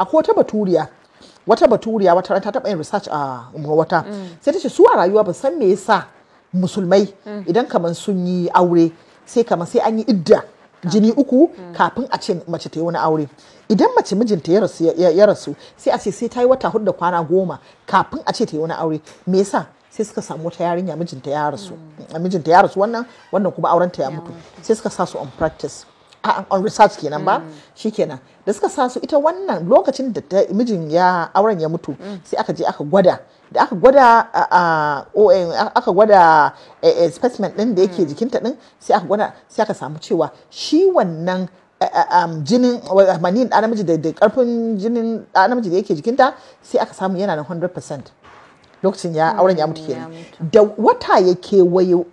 akwai wata baturiya wata baturiya wata ta taba yin research a wata mm. sai ta ce su a rayuwa ba san me yasa musulmai mm. idan kamar sun yi aure sai kamar sai an yi idda jini ah. uku mm. kafin a ce mace ta yi wani aure idan mace mijinta ya rasu sai a ce sai ta yi wata hudu da kwana goma kafin a ce ta yi wani aure me yasa sai suka samu wata yarinya mijinta ya rasu mijinta ya rasu wannan wannan kuma aurenta ya mutu sai suka sa su on practice on research kenan ba mm. shikenan da suka sa su ita wannan lokacin da mijin ya auren ya mutu mm. sai aka je aka gwada da aka gwada eh, aka gwada eh, eh, specimen din da yake mm. jikinta din sai aka gwada sai aka samu cewa shi wannan um, jinin manin da namiji da karfin jinin da namiji da yake jikinta sai aka samu yana da 100% lokacin ya auren ya mutu kenan da wata ya wayo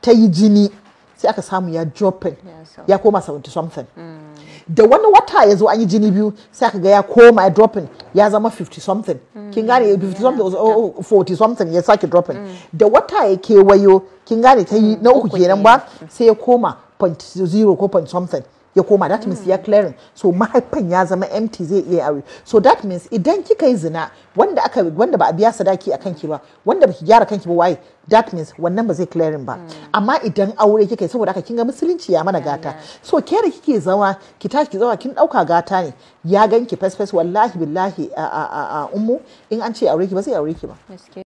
ta yi jini sai aka samu ya dropping ya koma 70 something mm. da wani wata ya zo an yi jini biyu sai aka ga ya koma ya dropping ya zama 50 something mm. kin gane 50 something 40 something ya sake dropping mm. da wata ya kewayo kin gane ta yi na uku kenan ba sai ya koma 0 ko point something ya koma that means mm. ya clearing so mahaifan ya zama empty zai iya aure so that means idan kika yi zina wanda aka wanda ba a biya sadaki a kanki ba wanda baki gyara kanki ba waye that means wannan ba zai clearing ba mm. amma idan aure kika yi saboda haka kinga musulunci ya mana gata so ke da kike zama ki tashi ki zama kin dauka gata ne ya ganki fes fes wallahi billahi a a a ummu in an ce aure ki ba zai aure ki ba